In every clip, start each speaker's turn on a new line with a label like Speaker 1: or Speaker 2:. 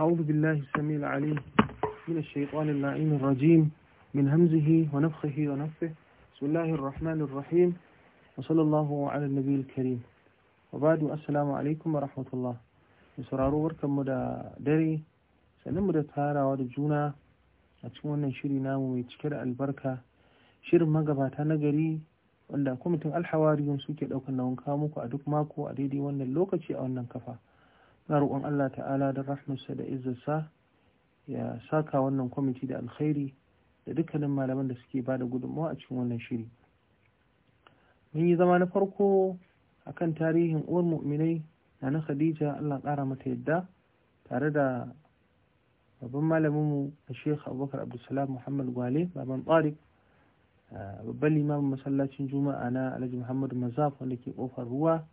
Speaker 1: أعوذ بالله السميع العليم من الشيطان اللعين الرجيم من همزه ونفخه ونفه بسم الله الرحمن الرحيم وصلى الله على النبي الكريم وبعد السلام عليكم ورحمة الله sauraro barkanmu da dare sannan da tarawa da juna a cikin wannan shiri namu mai cike da albarka shirin magabata na gari wanda kwamitin alhawariyun suke ɗaukar nauyin kawo muku a duk mako a daidai wannan lokaci a wannan kafa na roƙon Allah ta'ala da rahmarsa da sa ya saka wannan kwamiti da alkhairi da dukkanin malaman da suke ba da gudunmawa a cikin wannan shiri mun yi zama na farko akan tarihin uwar mu'minai na na khadija Allah ƙara mata yadda tare da babban malaminmu a shekha abubakar abdulsalam muhammad gwale baban tsarik babban limamin masallacin juma'a na alhaji muhammadu mazaf wanda ke kofar ruwa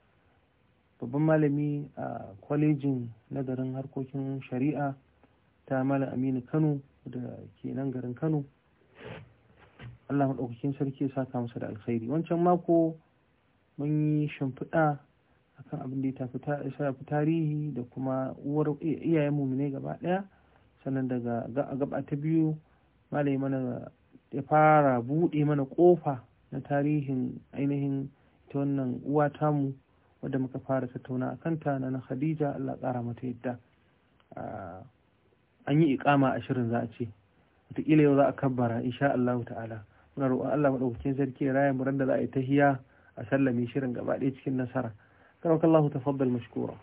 Speaker 1: babban malami a kwalejin nagarin harkokin shari'a ta malam aminu kano da ke nan garin kano allah maɗaukakin sarki ya saka masa da alkhairi wancan mako mun yi shimfiɗa kan abin da ya shafi tarihi da kuma uwar iyayen ne gaba ɗaya sannan daga gaba ta biyu malai mana ya fara buɗe mana ƙofa na tarihin ainihin ta wannan uwa tamu wadda muka fara tattauna a kanta na na khadija allah ƙara mata yadda an yi a ashirin za a ce wataƙila yau za a kabbara insha allahu ta'ala muna roƙon allah maɗaukakin sarki ya raya muran da za a yi tahiya a sallame shirin gaba ɗaya cikin nasara karauka allahu tafaddal mashkura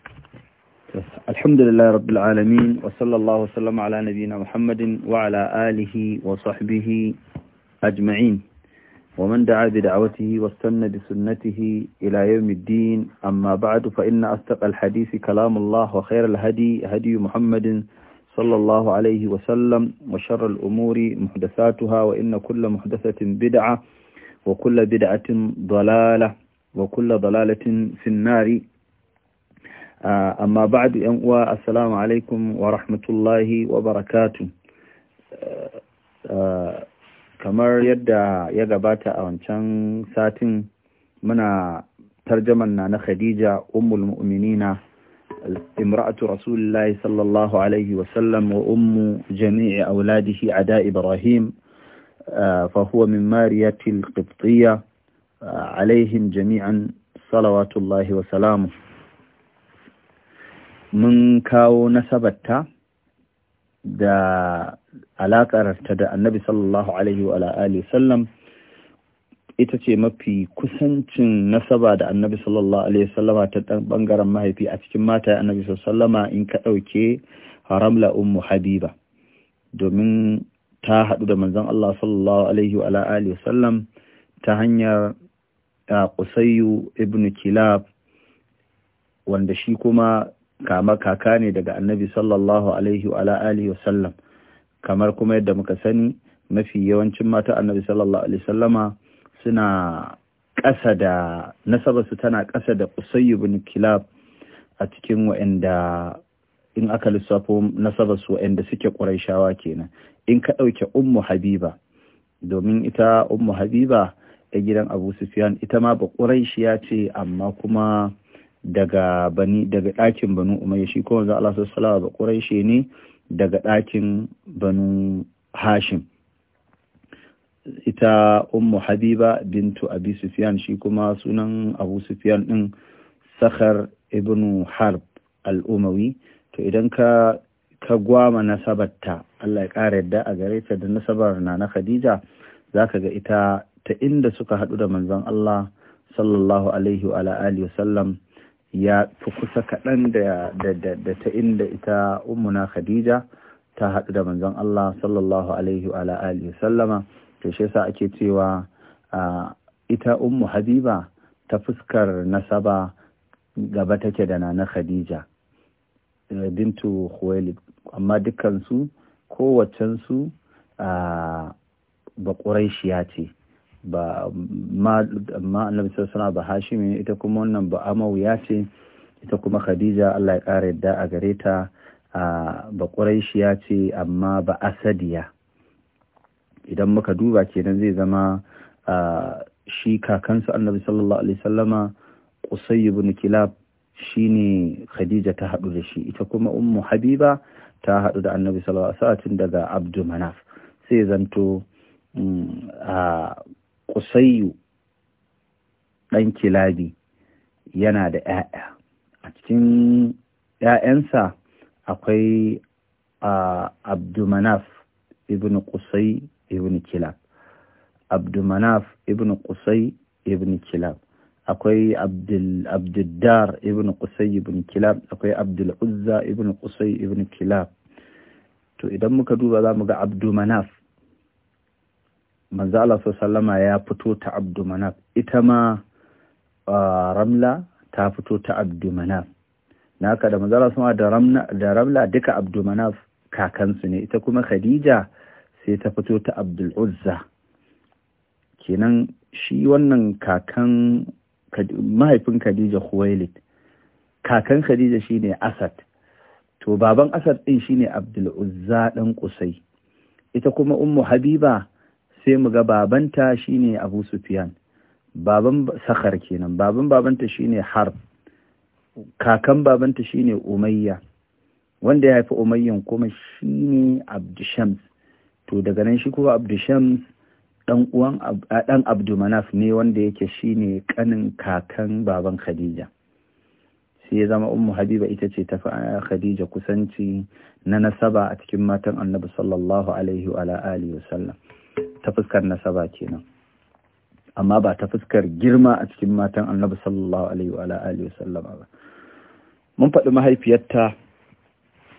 Speaker 2: الحمد لله رب العالمين وصلى الله وسلم على نبينا محمد وعلى آله وصحبه أجمعين ومن دعا بدعوته واستنى بسنته إلى يوم الدين أما بعد فإن أصدق الحديث كلام الله وخير الهدي هدي محمد صلى الله عليه وسلم وشر الأمور محدثاتها وإن كل محدثة بدعة وكل بدعة ضلالة وكل ضلالة في النار آه، أما بعد السلام عليكم ورحمة الله وبركاته آه، آه، kamar yadda ya gabata a wancan satin muna tarjaman na na khadija ummul mu'minina imra'atu rasulullahi sallallahu alaihi wa sallam wa ummu jami'i auladihi ada ibrahim fa huwa min mariyatil qibtiyya alaihim jami'an salawatullahi wa وسلامه mun kawo نسبتها da alaƙarta da annabi sallallahu alaihi wa alihi sallam ita ce mafi kusancin nasaba da annabi sallallahu alaihi sallama ta ɗan ɓangaren mahaifi a cikin mata ya annabi sallama in ka ɗauke haramla ummu habiba domin ta haɗu da manzon Allah sallallahu alaihi wa alihi sallam ta hanyar Qusayyu ibn Kilab wanda shi kuma kama kaka ne daga annabi sallallahu alaihi wa alihi wasallam kamar kuma yadda muka sani mafi yawancin mata annabi sallallahu alaihi wasallama suna ƙasa da nasabarsu tana ƙasa da usayyu ibn kilab a cikin wa'anda in aka lissafo nasabarsu wa'anda suke ƙurayshawa kenan in ka ɗauke ummu habiba domin ita ummu habiba ta gidan abu sufyan ita ma ba ƙurayshiya ce amma kuma daga bani daga ɗakin banu umayya shi ko wanzu Allah sallallahu ba quraishi ne daga ɗakin banu hashim ita ummu habiba bintu abi sufyan shi kuma sunan abu sufyan din sakhar ibnu harb al-umawi to idan ka ka gwama nasabarta Allah ya ƙara yadda a gare ta da nasabar nana na Khadija zaka ga ita ta inda suka haɗu da manzon Allah sallallahu alaihi wa alihi wa sallam ya fi kusa kaɗan da ta inda ita umuna khadija ta haɗu da manzon Allah sallallahu alaihi wa alihi sallama to shi yasa ake cewa ita ummu habiba ta fuskar nasaba gaba take da nana khadija eh, bintu khuwailid amma dukkan su kowaccen su ba ce ba ma annabi sallallahu ba hashimi ita kuma wannan ba Amau ya ce ita kuma khadija Allah ya ƙara yadda a gare ta ba ya ce amma ba asadiya idan muka duba kenan zai zama shi kakansu annabi sallallahu alaihi sallama qusay ibn kilab shine khadija ta hadu da shi ita kuma ummu habiba ta hadu da annabi sallallahu alaihi wasallam daga Abdulmanaf manaf sai zanto mm, a Kusayyu ɗan kilabi yana da ‘ya'ya a cikin ‘ya'yansa akwai abdumanaf ibn Kusai ibn kilab abdumanaf ibn Kusai ibn kilab akwai Abdullar ibn Kusai ibn kilab akwai abdul'uzza ibn Kusai ibn kilab to idan muka duba za mu ga abdumanaf manzo Allah sallama ya fito ta Abdul Manaf ita ma Ramla ta fito ta Abdul Manaf naka da manzo Allah da Ramla da Ramla duka Abdul Manaf kakansu ne ita kuma Khadija sai ta fito ta Abdul Uzza kenan shi wannan kakan mahaifin Khadija Khuwailid kakan Khadija shine Asad to baban Asad din shine Abdul Uzza dan Qusay ita kuma Ummu Habiba sai mu ga babanta shine Abu Sufyan baban Sakhar kenan baban babanta shine Harb kakan babanta shine Umayya wanda ya haifi Umayyan kuma shine Abdushams to daga nan shi kuma Abdushams dan uwan dan Abdumanaf ne wanda yake shine kanin kakan baban Khadija sai ya zama ummu habiba ita ce tafi khadija kusanci na nasaba a cikin matan annabi sallallahu alaihi wa alihi wasallam ta fuskar nasaba kenan amma ba ta fuskar girma a cikin matan annabi sallallahu alaihi wa alihi wa ba mun faɗi mahaifiyarta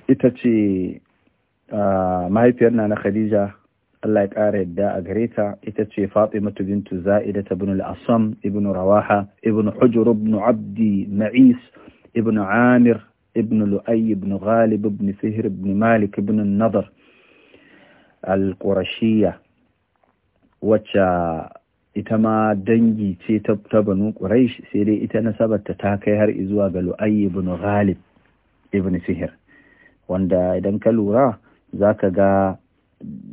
Speaker 2: ita ce mahaifiyar na na khadija Allah ya ƙara yadda a gare ta ita ce Fatimatu bintu Za'ida ta bin al ibn Rawaha ibn Hujr ibn Abdi Ma'is ibn Amir ibn Lu'ay ibn Ghalib ibn Fihr ibn Malik ibn Nadar al-Qurashiyya wacce ita ma dangi ce ta banu quraish sai dai ita nasabarta ta kai har izuwa ga lu'ayy ibn ghalib ibn sihir wanda idan ka lura zaka ga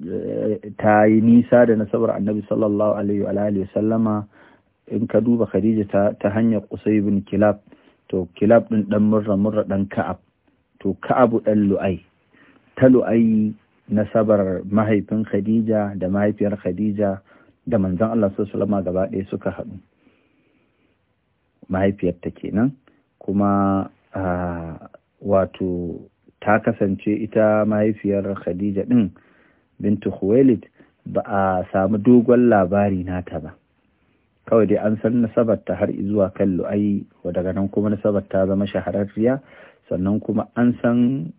Speaker 2: eh, ta yi nisa da nasabar annabi sallallahu alaihi wa alihi sallama in ka duba khadija ta, ta hanyar qusay ibn kilab to kilab din dan murra murra dan ka'ab to ka'abu dan lu'ai ta lu'ai nasabar mahaifin khadija da mahaifiyar khadija da manzon Allah sallama gaba ɗaya suka haɗu mahaifiyarta kenan kuma wato ta kasance ita mahaifiyar khadija ɗin bintu khuwailid ba a samu dogon labari nata ba kawai dai an san nasabar ta har zuwa kan lu'ayi daga nan kuma nasabar ta zama shahararriya sannan kuma an san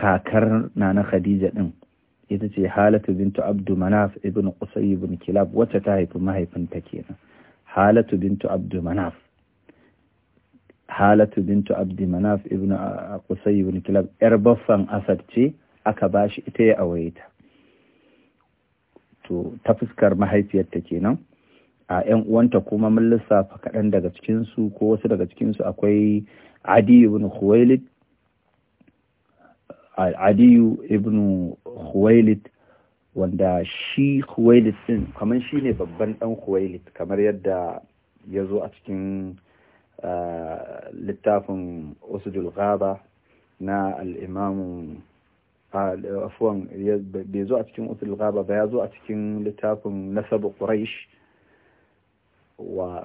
Speaker 2: kakar nana khadija din ita ce halatu bintu abdu manaf ibn qusay ibn kilab wacce ta haifi mahaifinta kenan halatu bintu abdu manaf halatu bintu abdu manaf ibn qusay ibn kilab yar baffan asad ce aka bashi ita ya awayita ta to ta fuskar mahaifiyarta kenan a yan uwanta kuma mun lissafa kaɗan daga cikinsu ko wasu daga cikinsu akwai adi ibn khuwailid adiyu ibn huwailid wanda shi huwailid din kamar shi ne babban dan huwailid kamar yadda ya zo a cikin littafin usudul ghaba na al'imamu afuwan bai zo a cikin usudul ghaba ba ya zo a cikin littafin nasabu quraish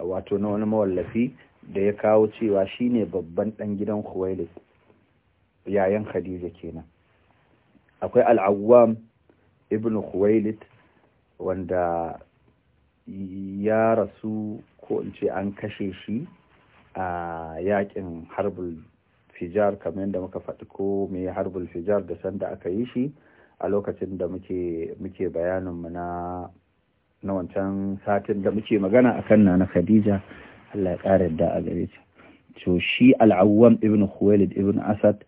Speaker 2: wato na wani mawallafi da ya kawo cewa shine babban dan gidan huwailid yayan khadija kenan akwai al'awwam ibn khuwailid wanda ya rasu ko in ce an kashe shi a yakin harbul fijar kamar yadda muka faɗi ko me harbul fijar da sanda aka yi shi a lokacin da muke muke bayaninmu na na wancan satin da muke magana a kan na khadija allah ya ƙara da a gare to shi al'awwam ibn khuwailid ibn asad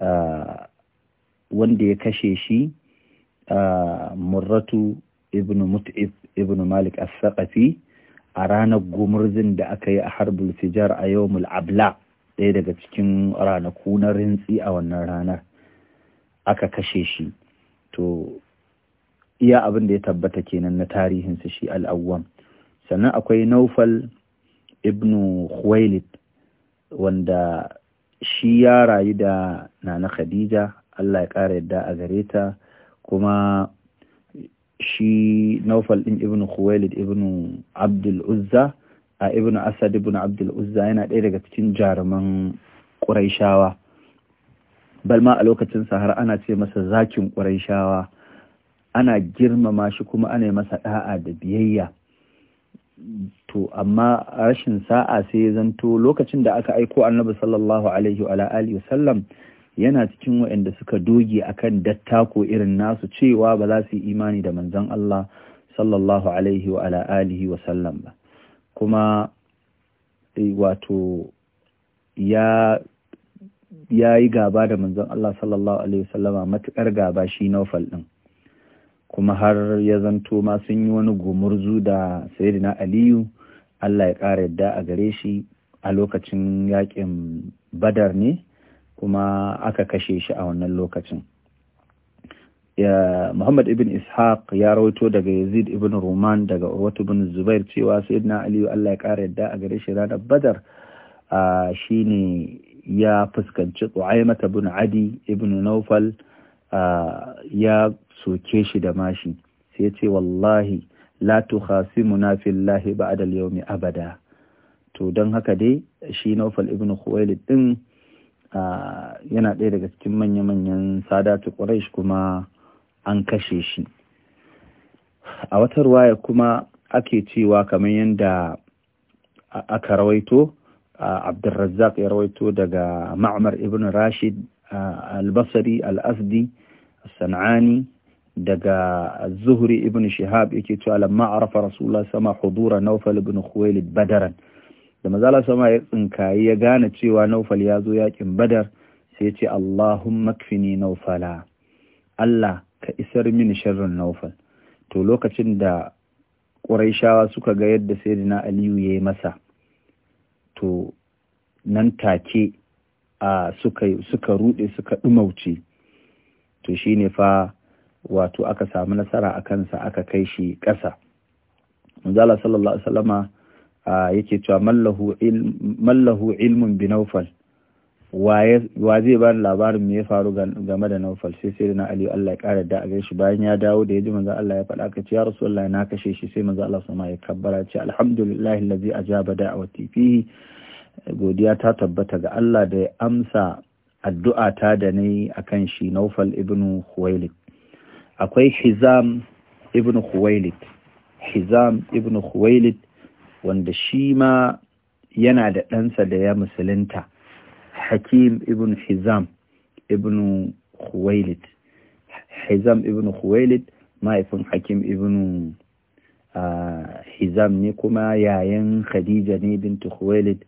Speaker 2: wanda ya kashe shi murratu ibn mut'ib ibn malik as-saqafi a ranar gumurzin da aka yi a harbul fijar a yawmul abla ɗaya daga cikin ranaku na rintsi a wannan ranar aka kashe shi to iya abin da ya tabbata kenan na tarihinsa shi al'awwam sannan akwai naufal ibn khuwailid wanda shi ya rayu da nana khadija allah ya ƙara yadda a gare ta kuma shi naufal ɗin ibn khuwailid ibn abdul uzza a ibn asad ibn abdul uzza yana ɗaya daga cikin jaruman ƙuraishawa balma a lokacin har ana ce masa zakin ƙuraishawa ana girmama shi kuma ana masa ɗa'a da biyayya to amma rashin sa'a sai ya zanto lokacin da aka aiko annabi sallallahu alaihi wa alihi wasallam yana cikin wa'anda suka doge akan dattako irin nasu cewa ba za su yi imani da manzon Allah sallallahu alaihi wa alihi wasallam ba kuma e, wato ya ya yi gaba da manzon Allah sallallahu alaihi wasallama matukar gaba shi Naufal din kuma har ya zanto ma sun yi wani gumurzu da sayidina aliyu allah ya ƙara yadda a gare shi a lokacin yaƙin badar ne kuma aka kashe shi a wannan lokacin muhammad ibn ishaq ya rawaito daga yazid ibn Ruman daga urwatu ibn zubair cewa sayidina aliyu allah ya ƙara yadda a gare shi ranar badar shine ya fuskanci tsu'aimata bin adi ibn naufal ya soke shi da mashi sai ya ce wallahi la lahi ba adal yau mai abada to don haka dai shi Naufal ibn Khuwailid din yana ɗaya daga cikin manya-manyan sadatu ƙwarai kuma an kashe shi a wata ruwaya kuma ake cewa kamar yadda aka rawaito Abdulrazzaq ya rawaito daga Ma'mar ibn Rashid al basari al-Asdi sanani daga zuhuri ibn shihab yake cewa lamma arafa rasulullah sama hudura naufal ibn khuwailid badaran da mazala sama ya tsinkayi ya gane cewa naufal ya zo yakin badar sai ce allahumma kfini naufala allah ka isar mini sharrin naufal to lokacin da ƙuraishawa suka ga yadda sayyidina aliyu ya yi masa to nan take a suka suka rude suka dumauce to shine fa wato aka samu nasara a kansa aka kai shi ƙasa Muzala sallallahu alaihi wasallama yake cewa mallahu ilmun bi naufal wa zai ba labarin me ya faru game da naufal sai sai na aliyu allah ya kara da a shi bayan ya dawo da ya ji manzo allah ya faɗa ka ce ya Allah na kashe shi sai manzo allah sama ya kabbara ce alhamdulillahi allazi ajaba da'awati fihi godiya ta tabbata ga allah da ya amsa addu'a ta da nayi akan shi naufal ibnu khuwailid akwai hizam ibn khuwailid hizam ibn khuwailid wanda shi ma yana da ɗansa da ya musulunta hakim ibn hizam ibn khuwailid hizam ibn khuwailid mahaifin hakim ibn ah, hizam ne kuma yayan khadija ne bintu khuwailid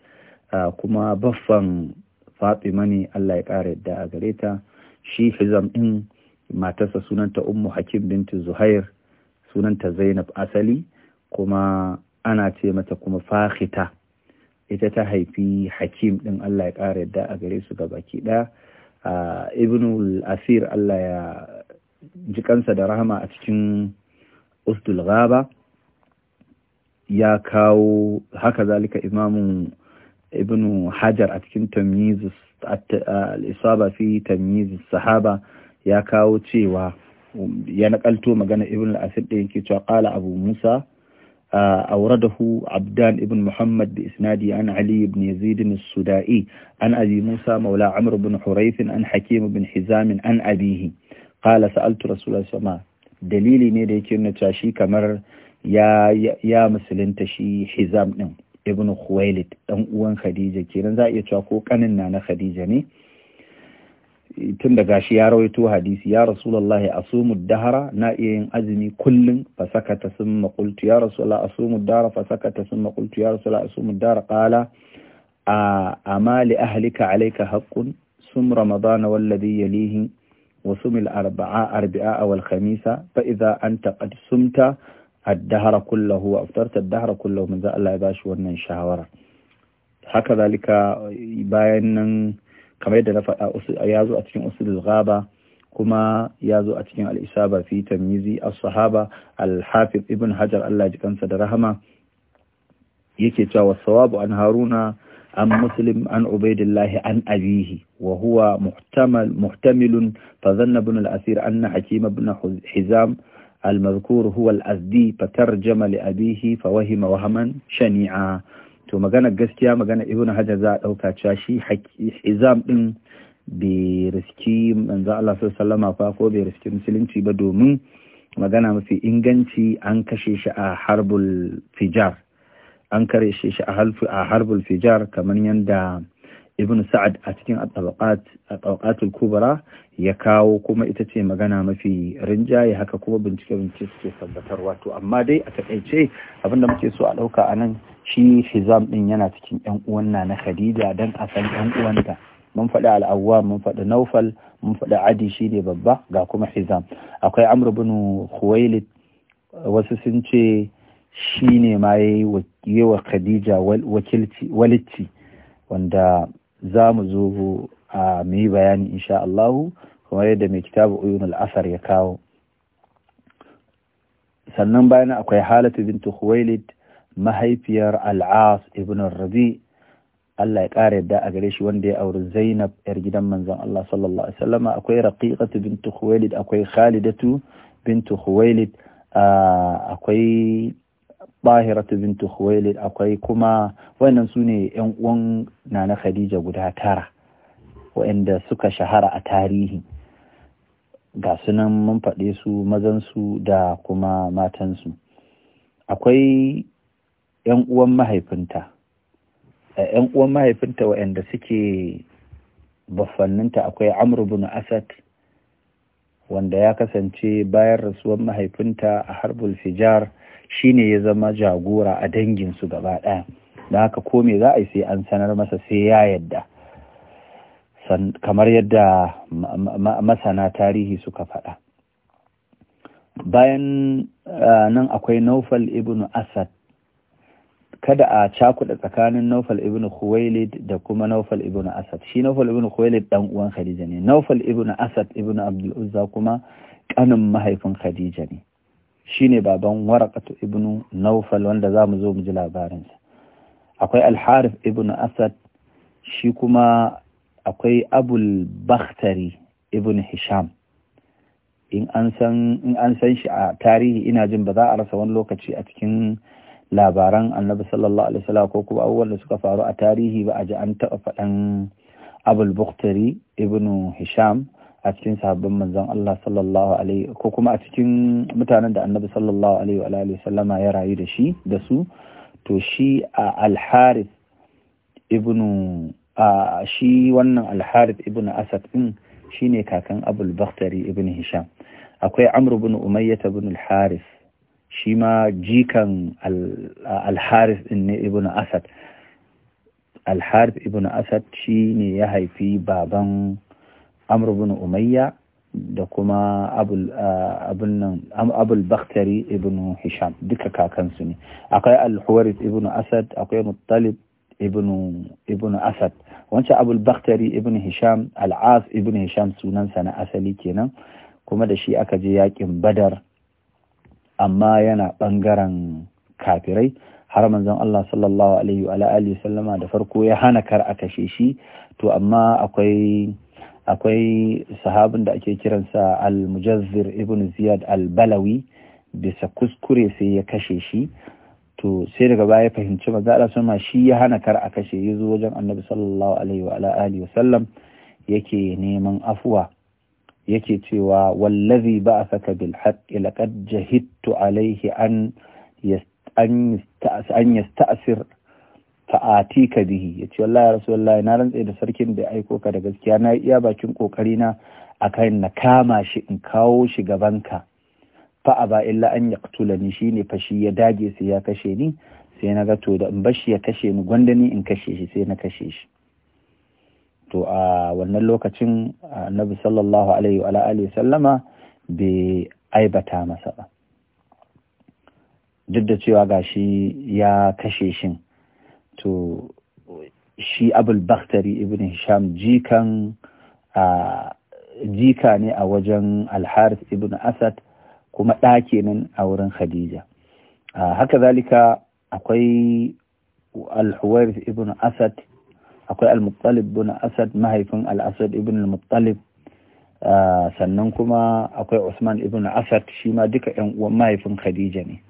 Speaker 2: ah, kuma baffan fatima ne allah ya ƙara yadda a gare shi hizam ɗin matarsa sunanta ummu hakim binti zuhair sunanta zainab asali kuma ana ce mata kuma fahita ita ta haifi hakim din allah ya ƙara yadda a gare su gabaki ɗaya ibn asir allah ya ji kansa da rahama a cikin ustul ghaba ya kawo haka zalika imamun ibn hajar a cikin al-isaba fi tamyiz sahaba ya kawo cewa um, ya nakalto magana ibn al-asir da yake cewa qala abu musa أورده abdan ibn muhammad بإسنادي isnadi علي an ali ibn عن أبي an مولى musa بن حريث عن حكيم an حزام ibn أبيه an سألت رسول الله صلى الله dalili ne da yake nuna cewa shi kamar ya ya musulunta shi Hizam din Ibn Khuwailid dan uwan Khadija kenan za a iya cewa ko kanin na na Khadija ne tun da gashi ya rawaito hadisi ya rasulullahi asumu dahara na iya yin azumi kullum fa sakata summa qultu ya rasulullahi asumu dahara fa sakata summa qultu ya rasulullahi asumu dahara qala a amali ahlika alayka haqqun sum ramadana walladhi yalihi وصم الأربعاء أربعاء والخميس فإذا أنت قد صمت الدهر كله وأفطرت الدهر كله من ذا wannan shawara haka zalika bayan nan kamar yadda na faɗa ya zo a cikin usulul ghaba kuma ya zo a cikin al-isaba fi tamyizi as-sahaba al-hafiz ibn hajar Allah ji kansa da rahama yake cewa sawabu an haruna an muslim an ubaidillah an abihi wa huwa muhtamal muhtamil fa dhanna ibn al-asir anna hakim ibn hizam المذكور هو الأزدي فترجم لأبيه فوهم وهما شنيعا to magana gaskiya magana ibn hajar za a ɗauka cewa shi izam ɗin bai riski manzo Allah sallama fa ko bai riski musulunci ba domin magana mafi inganci an kashe shi a harbul fijar an kare shi a harbul fijar kamar yadda ibn sa'ad a cikin al kubra ya kawo kuma ita ce magana mafi rinjaye haka kuma bincike-bincike suke tabbatar wato amma dai a takaice abinda muke so a ɗauka a nan shi hizam ɗin yana cikin yan uwanna na khadija dan a san yan uwanta mun faɗi al'awwa mun faɗi naufal mun faɗi adi shi ne babba ga kuma hizam akwai amr bin khuwailid wasu sun ce shi ne ma ya wa khadija wakilci walitti wanda za mu zo a mai bayani insha Allahu kamar yadda mai kitabu uyunul asar ya kawo sannan bayan akwai halatu bintu khuwailid mahaifiyar al'as ibn rabi Allah ya ƙara yadda a gare shi wanda ya auri Zainab yar gidan manzon Allah sallallahu alaihi wasallam akwai raqiqatu bintu khuwailid akwai khalidatu bintu khuwailid akwai bahiratu bintu khuwailid akwai kuma wannan su ne yan uwan na na khadija guda tara waɗanda suka shahara a tarihi ga sunan mun faɗe su mazansu da kuma matansu akwai yan uwan mahaifinta a yan uwan mahaifinta waɗanda suke baffanninta akwai amr bin asad wanda ya kasance bayan rasuwar mahaifinta a harbul fijar Shi ne ya zama jagora a danginsu gaba ɗaya da haka ko me za a yi sai an sanar masa sai ya yadda kamar yadda masana tarihi suka faɗa bayan nan akwai naufal ibn asad kada a cakuɗa tsakanin naufal ibn khuwailid da kuma naufal ibn asad shi naufal ibn khuwailid dan uwan khadija ne naufal ibn asad ibn abdul uzza kuma kanin mahaifin khadija ne shine baban warakatu ibnu naufal wanda za mu zo mu ji labarinsa akwai alharif ibnu asad shi kuma akwai abul bakhtari ibnu hisham in an san shi a tarihi ina jin ba za a rasa wani lokaci a cikin labaran annabi sallallahu alaihi wasallam ko kuma abubuwan da suka faru a tarihi ba a ji an taɓa faɗan abul bakhtari ibnu hisham a cikin sabbin manzon Allah sallallahu alaihi ko kuma a cikin mutanen da annabi sallallahu alaihi wa alihi sallama ya rayu da shi da su to shi a al-harith ibnu a shi wannan al-harith ibnu asad din shine kakan abul bakhtari ibnu hisham akwai amr ibn umayyah ibn al-harith shi ma jikan al-harith ibn ne ibnu asad al-harith ibnu asad shine ya haifi baban amur bin umayya da kuma abul bakhtari ibn hisham duka kakansu ne akwai al-huwaris ibn asad akwai muttalib ibn asad wancan abul bakhtari ibn hisham al-as ibn hisham sunansa na asali kenan kuma da shi aka je yakin badar amma yana bangaren kafirai har manzon Allah sallallahu alaihi wa alihi sallama da farko ya hana kar a kashe shi to amma akwai akwai sahabin da ake kiransa al-mujazzir ibn ziyad al-balawi bisa kuskure sai ya kashe shi to sai daga baya fahimci maza a sama shi ya hana kar a kashe ya zo wajen annabi sallallahu alaihi wa alihi wasallam yake neman afuwa yake cewa wallazi ba'athaka bil haqqi laqad jahidtu alaihi an fa'ati ka bihi ya ce wallahi rasulullahi na rantse da sarkin da aiko ka da gaskiya na iya bakin kokari na akan na kama shi in kawo shi gabanka fa aba illa an yaqtulani shine fashi ya dage sai ya kashe ni sai na ga to da in bashi ya kashe ni gwanda ni in kashe shi sai na kashe shi to a wannan lokacin annabi sallallahu alaihi wa alihi sallama bai aibata masa ba duk da cewa gashi ya kashe shin to shi abul bakhtari ibn hisham jikan a jika ne a wajen alharis ibn asad kuma ɗa kenan a wurin khadija haka zalika akwai alhuwairis ibn asad akwai al-muttalib ibn asad mahaifin al-asad ibn al-muttalib sannan kuma akwai usman ibn asad shi ma duka yan uwan mahaifin khadija ne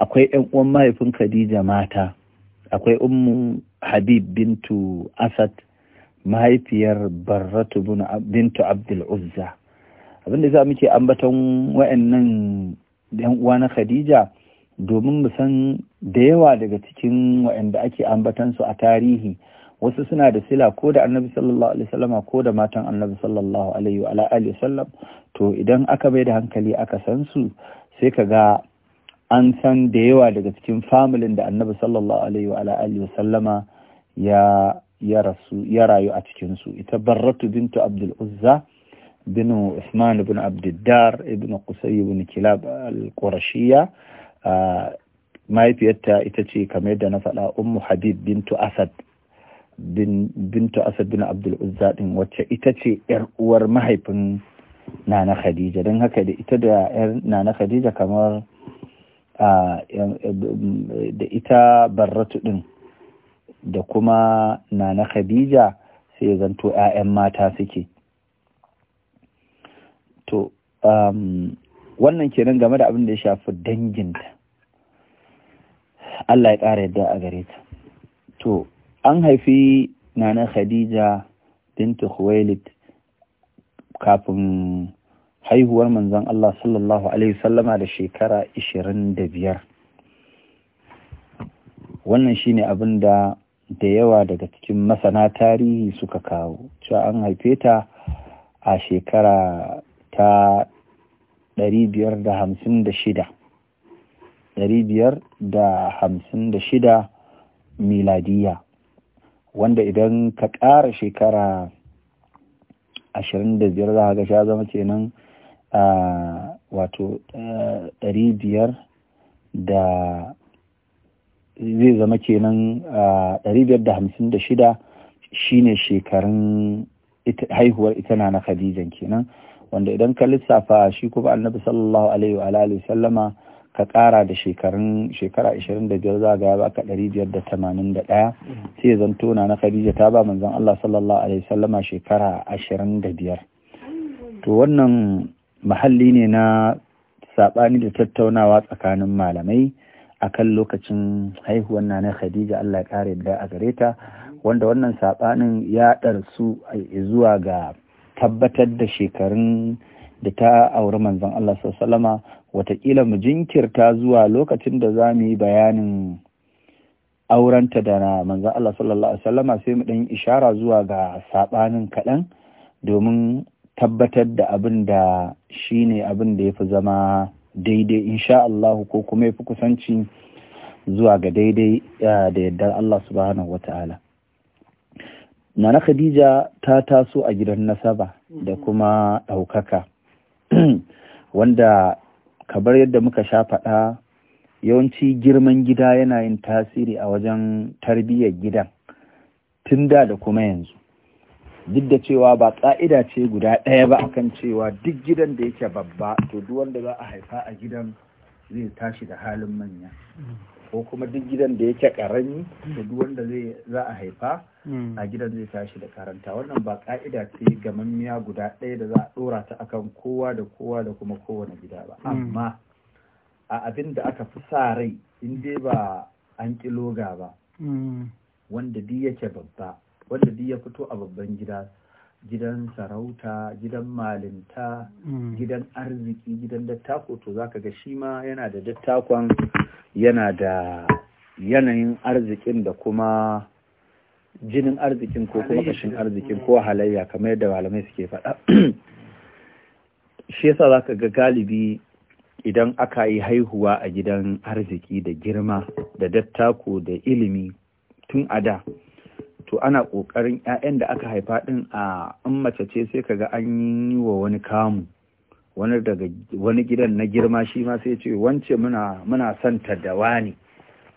Speaker 2: akwai yan uwan mahaifin khadija mata akwai ummu habib bintu asad mahaifiyar barratu bintu abdul uzza abinda za muke ambaton wa'annan yan uwa na khadija domin mu san da yawa daga cikin wa'anda ake ambatan su a tarihi wasu suna da sila ko da annabi sallallahu alaihi wasallam ko da matan annabi sallallahu alaihi wa alihi wasallam to idan aka bai da hankali aka san su sai ka ga an san da yawa daga cikin familin da annabi sallallahu alaihi wa alihi wa sallama ya ya rasu ya rayu a cikin su ita barratu bintu abdul uzza bin usman ibn abdiddar ibn qusay ibn kilab al-qurashiyya mahaifiyarta ita ce kamar yadda na faɗa ummu habib bintu asad bin bintu asad bin abdul uzza din wacce ita ce yar uwar mahaifin nana khadija dan haka da ita da yar nana khadija kamar Eh, da ita barratu ɗin da kuma nana khadija sai zanto 'ya'yan mata suke to wannan kenan game da abin da ya shafi danginta Allah ya ƙara yadda a gare ta to an haifi nana khadija bintu khuwailid kafin haihuwar manzon Allah sallallahu alaihi sallama da shekara 25 wannan shine abin da da yawa daga cikin masana tarihi suka kawo cewa an haife ta a shekara ta 556 556 miladiya wanda idan ka ƙara shekara 25 za ka ga sha zama kenan a wato ɗari biyar da zai zama kenan ɗari biyar da hamsin da shida shine shekarun haihuwar ita na na khadijan kenan wanda idan ka lissafa shi kuma annabi sallallahu alaihi wa alihi sallama ka kara da shekarun shekara 25 za ga ya baka 581 sai zanto na na Khadija ta ba manzon Allah sallallahu alaihi sallama shekara 25 to wannan mahalli ne na saɓani da tattaunawa tsakanin malamai a kan lokacin haihuwar na khadija allah ya ƙare da a gare ta wanda wannan saɓanin ya ɗarsu zuwa ga tabbatar da shekarun da ta auri manzon allah sallama watakila mu jinkirta zuwa lokacin da za mu yi bayanin aurenta da na manzan Allah sallallahu Alaihi wasallama sai mu ɗan ishara zuwa ga saɓanin kaɗan domin tabbatar da abin da shi ne abin da ya fi zama daidai insha Allah ko kuma ya fi kusanci zuwa ga daidai da yardar Allah subhanahu wa ta'ala. Nana Khadija ta taso a gidan nasaba da mm-hmm. kuma ɗaukaka wanda kabar yadda muka sha faɗa yawanci girman gida yana yin tasiri a wajen tarbiyyar gidan tun da da kuma yanzu. duk da cewa ba ƙa'ida ce guda ɗaya ba akan cewa duk gidan da yake babba to duk wanda za a haifa a gidan zai tashi da halin manya ko kuma duk gidan da yake ƙarami to duk wanda za a haifa a gidan zai tashi da karanta wannan ba ƙa'ida ce ga gamammiya guda ɗaya da za a ɗora ta akan kowa da kowa da kuma kowane gida ba amma a abin da aka fi sa rai in dai ba an kiloga ba mm. wanda duk yake babba wanda duk ya fito a babban gida gidan sarauta gidan malinta mm. gidan arziki gidan dattako to zaka ga shi ma yana da dattakon yana da yanayin arzikin da kuma jinin arzikin ko kuma kashin arzikin ko halayya kamar yadda malamai suke faɗa shi yasa zaka ga galibi idan aka yi haihuwa a gidan arziki da girma da dattako da ilimi tun a da to ana ƙoƙarin 'ya'yan da aka haifa ɗin a in mace ce sai kaga an yi wa wani kamu wani daga wani gidan na girma shi ma sai ce wance muna muna son ta da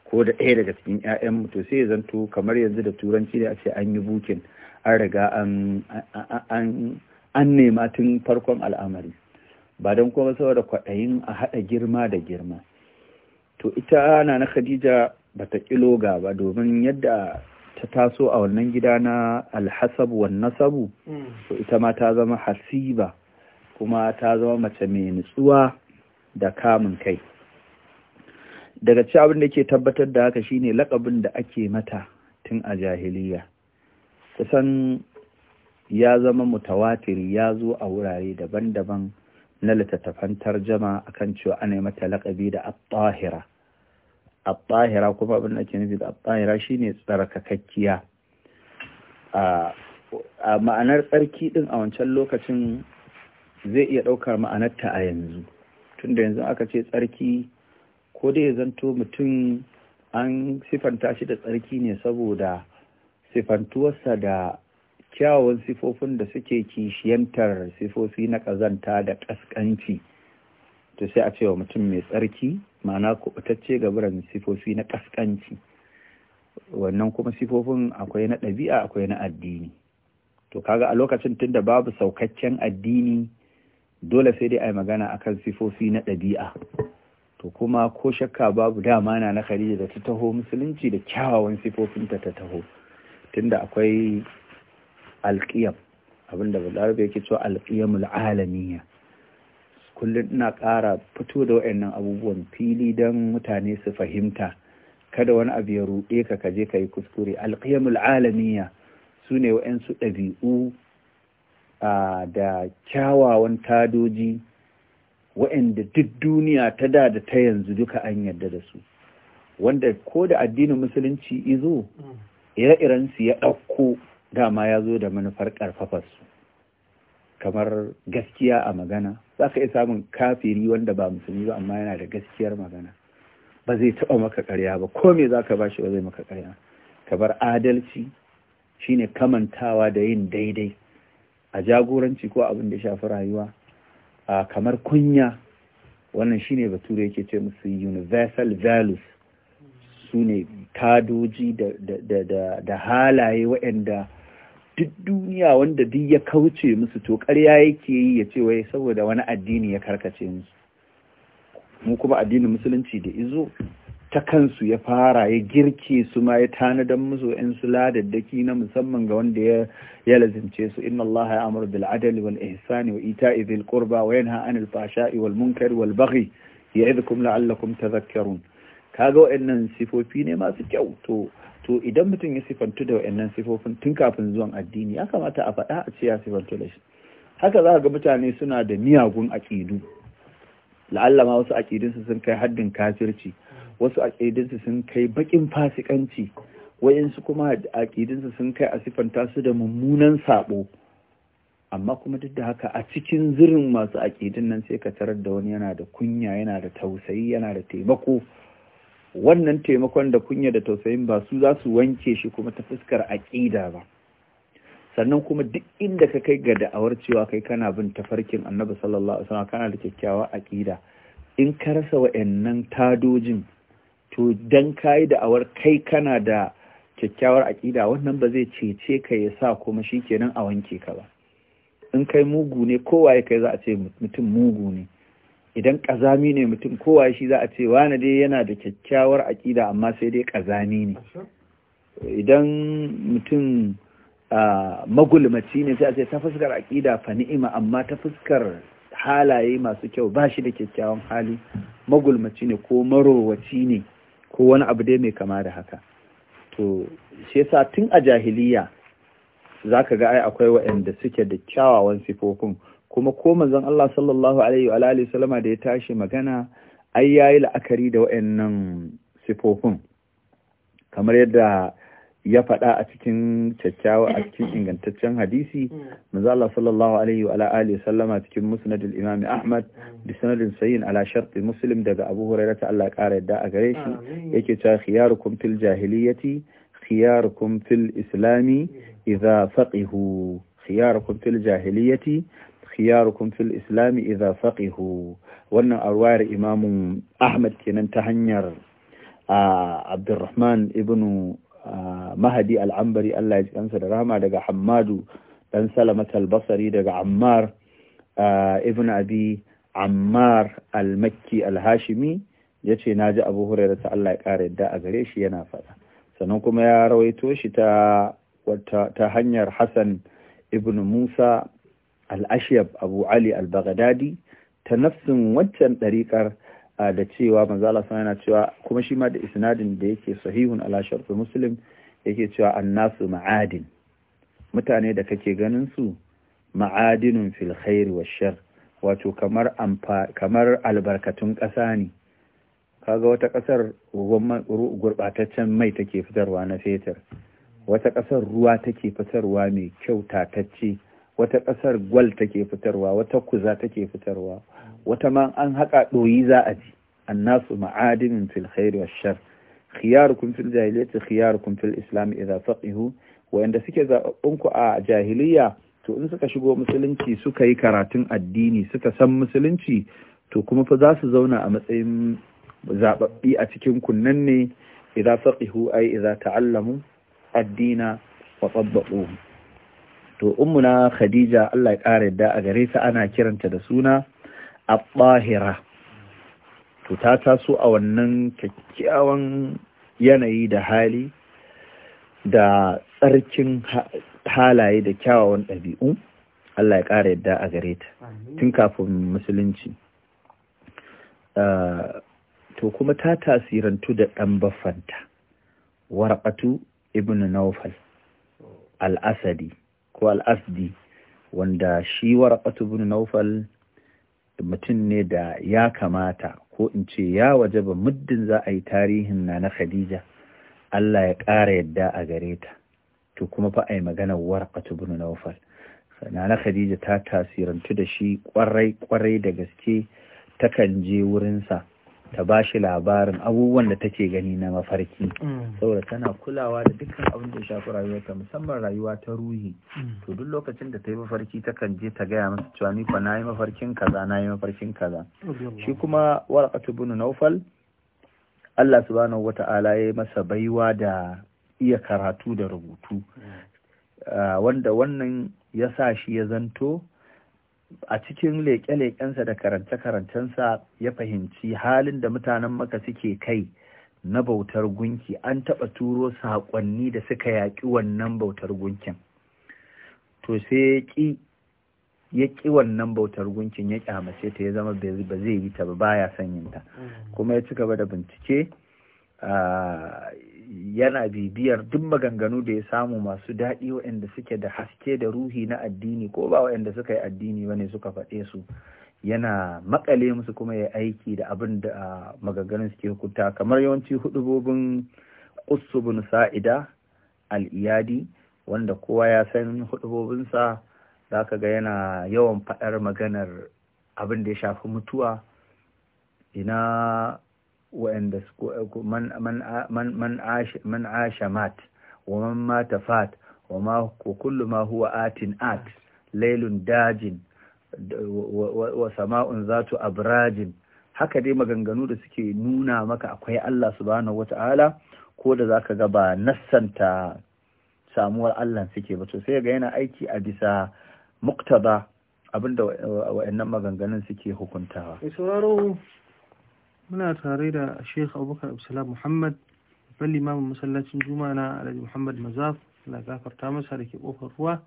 Speaker 2: ko da ɗaya daga cikin 'ya'yan mu to sai zanto kamar yanzu da turanci da a ce an yi bukin an riga an an an nema tun farkon al'amari ba don kuma saboda kwaɗayin a haɗa girma da girma to ita na na khadija bata ƙi ga ba domin yadda ta taso a wannan gida na alhasabu wa nasabu mm. to ita ma ta zama hasiba kuma ta zama mace mai nutsuwa da kamun kai daga ci abin da ke tabbatar da haka shine lakabin da ake mata tun a jahiliya kusan ya zama mutawatiri ya zo a wurare daban-daban na littattafan tarjama akan cewa ana mata lakabi da at Abahira kuma abin da ke nufi da Abahira shi shine tsarkakakkiya a ma'anar tsarki din a wancan lokacin zai iya ɗaukar ma'anarta a yanzu tunda yanzu aka ce tsarki ko dai ya zanto mutum an sifanta shi da tsarki ne saboda sifantuwarsa da kyawawan sifofin da suke kishiyantar sifofi na ƙazanta da ƙasƙanci to sai a cewa mutum mai tsarki ma'ana kubutacce ga biran sifofi na kaskanci wannan kuma sifofin akwai na ɗabi'a akwai na addini to kaga a lokacin tunda babu saukaccen addini dole sai dai a yi magana akan sifofi na ɗabi'a to kuma ko shakka babu dama na na khadija da ta taho musulunci da kyawawan sifofinta ta taho tunda akwai alƙiyam abinda balarabe yake cewa alƙiyamul alamiya kullum ina ƙara fito da waɗannan abubuwan fili don mutane su fahimta kada wani abu ya ruɗe ka kaje ka yi kuskure alƙiyamul alamiya su ne waɗansu ɗabi'u da kyawawan tadoji waɗanda duk duniya ta da da ta yanzu duka an yarda da su wanda ko da addinin musulunci izo mm. ire-irensu ya ɗauko dama ya zo da manufar ƙarfafarsu kamar gaskiya a magana za ka iya samun kafiri wanda ba musulmi ba amma yana da gaskiyar magana ba zai taɓa maka ƙarya ba ko me za ka ba shi ba zai maka ƙarya kamar adalci shine kamantawa da yin daidai a jagoranci ko abin da shafi rayuwa a kamar kunya wannan shine bature yake ce musu universal values su ne kadoji da halaye waɗanda duk duniya wanda duk ya kauce musu to ƙarya yake yi ya ce wai saboda wani addini ya karkace musu mu kuma addinin musulunci da izo ta kansu ya fara ya girke su ma ya tanadan musu in su ladaddaki na musamman ga wanda ya ya lazimce su inna Allah ya amur bil adal wal ihsani wa ita'i dhil qurba wa yanha anil fahsha'i wal munkari wal baghi ya'idhukum la'allakum tadhakkarun kaga waɗannan sifofi ne masu kyau to so idan mutum ya sifantu da wayannan sifofin tun kafin zuwan addini ya kamata a faɗa a ce ya sifantu da shi haka za ga mutane suna da miyagun aƙidu la'alla ma wasu aƙidunsu sun kai haddin kafirci wasu aƙidunsu sun kai baƙin fasikanci wayansu kuma aƙidunsu sun kai a sifanta su da mummunan saɓo amma kuma duk da haka a cikin zirin masu aƙidun nan sai ka tarar da wani yana da kunya yana da tausayi yana da taimako wannan taimakon da kunya da tausayin ba su za su wanke shi kuma ta fuskar aƙida ba sannan kuma duk inda ka kai ga da'awar cewa kai kana bin tafarkin annabi sallallahu alaihi wasallam kana da kyakkyawa aƙida in ka rasa wa'annan tadojin to dan kai da'awar kai kana da kyakkyawar aƙida wannan ba zai cece ka ya sa kuma shikenan a wanke ka ba in kai mugu ne kowa ya kai za a ce mutum mugu ne idan ƙazami ne mutum kowa shi za a ce wane dai yana da kyakkyawar aƙida amma sai dai ƙazami ne idan mutum magulmaci ne sai a ce ta fuskar aƙida fa ni'ima amma ta fuskar halaye masu kyau ba shi da kyakkyawan hali magulmaci ne ko marowaci ne ko wani abu dai mai kama da haka to shi yasa tun a jahiliya zaka ga ai akwai waɗanda suke da kyawawan sifofin kuma ko manzon Allah sallallahu alaihi wa alihi sallama da ya tashi magana ai yayi la'akari da wayannan sifofin kamar yadda ya faɗa a cikin kyakkyawa a cikin ingantaccen hadisi manzo Allah sallallahu alaihi wa alihi sallama cikin musnad al-imam Ahmad bi sanadin sayyin ala shart muslim daga Abu Hurairah ta Allah ƙara yadda a gare shi yake cewa khiyarukum fil jahiliyyati khiyarukum fil islami idza faqihu khiyarukum fil jahiliyyati khiyarukum fil islam idza faqihu wannan a ruwayar imam ahmad kenan ta hanyar abdurrahman ibnu mahadi al-ambari Allah ya ji kansa da rahama daga hammadu dan salamat al daga ammar ibnu abi ammar al-makki al-hashimi yace naji abu hurairah ta Allah ya kare yadda a gare shi yana faɗa sannan kuma ya rawaito shi ta ta hanyar Hassan ibnu Musa al abu ali al-baghdadi ta nafsin waccan ɗariƙar da cewa manzala sama yana cewa kuma shi ma da isnadin da yake sahihun alashar su muslim yake cewa annasu ma'adin mutane da kake ganin su ma'adinun fil khairi wa shar wato kamar albarkatun ƙasa ne kaga wata ƙasar gurɓataccen mai take fitarwa na fetur wata ƙasar ruwa take fitarwa mai kyau tatacce wata ƙasar gwal take fitarwa wata kuza take fitarwa wata ma an haƙa ɗoyi za a ji annasu ma'adinin fil khair wa shar khiyarukum fil jahiliyyati fil islam idza faqihu suke zaɓaɓɓun ku a jahiliyya to in suka shigo musulunci suka yi karatun addini suka san musulunci to kuma fa za su zauna a matsayin zaɓaɓɓi a cikin kunnan ne idza faqihu ay idza ta'allamu addina wa tabbaqu to ummuna khadija Allah ya ƙara yadda a gare ta ana kiranta da suna Abahira. to ta taso a wannan kyakkyawan yanayi da hali da tsarkin halaye da kyawawan ɗabi'u Allah ya ƙara yadda a gare ta tun kafin musulunci ah, to kuma ta tasirantu da ɗan baffanta warqatu ibn nawfal oh. al-asadi ko al'asdi wanda shi waraƙa bin naufal mutum ne da ya kamata ko in ce ya waje ba muddin za a yi tarihin na na khadija Allah ya ƙara yadda a gare ta to kuma fa a yi maganar waraƙa bin naufal na na khadija ta tasirantu da shi ƙwarai ƙwarai da gaske takan je wurinsa ta ba shi labarin abubuwan da take gani na mafarki mm. saboda tana kulawa da dukkan abin da ya shafi rayuwarta musamman rayuwa ta ruhi mm. to duk lokacin da ta yi mafarki ta kan je ta gaya masa cewa ni fa na yi mafarkin kaza na yi mafarkin kaza shi kuma warqatu bin nawfal Allah subhanahu wata'ala ya masa baiwa da iya karatu da rubutu mm. ah, wanda wannan ya sa shi ya zanto a cikin leƙe-leƙensa da karance-karancensa ya fahimci halin da mutanen maka suke kai na bautar gunki an taɓa turo saƙonni da suka yaƙi wannan bautar gunkin to sai ya ƙi wannan bautar gunkin ya ƙyamace ta ya zama ba zai yi ta ba ya sanyinta mm. kuma ya ci gaba da bincike ah, yana bibiyar duk maganganu da ya samu masu daɗi waɗanda suke da haske da ruhi na addini ko ba waɗanda suka yi addini wani suka faɗe su yana makale musu kuma ya aiki da abin da maganganun suke hukunta kamar yawanci hudubobin usubun sa'ida al'iyadi wanda kowa ya san hudubobinsa za ka ga yana yawan faɗar maganar abin da ya shafi mutuwa ina wa'anda man asha mat wa man mata fat wa ma kullu ma huwa atin at lailun dajin wa sama'un zatu abrajin haka dai maganganu da suke nuna maka akwai Allah subhanahu wata'ala ko da zaka ga ba nassanta samuwar Allah suke ba to sai ga yana aiki a bisa muktaba abinda wa'annan maganganun suke hukuntawa muna tare da sheikh
Speaker 1: abubakar abdulsalam muhammad babban limamin masallacin juma'a na alhaji muhammad mazaf na gafarta masa da ke kofar ruwa